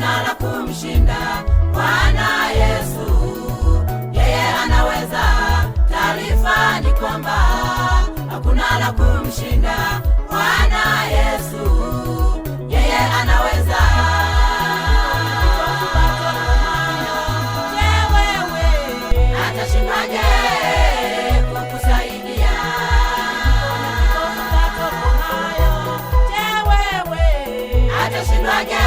hakuna la kumshinda Bwana Yesu, yeye anaweza. Taarifa ni kwamba hakuna la kumshinda Bwana Yesu, yeye anaweza. atashindwaje kukusaidia?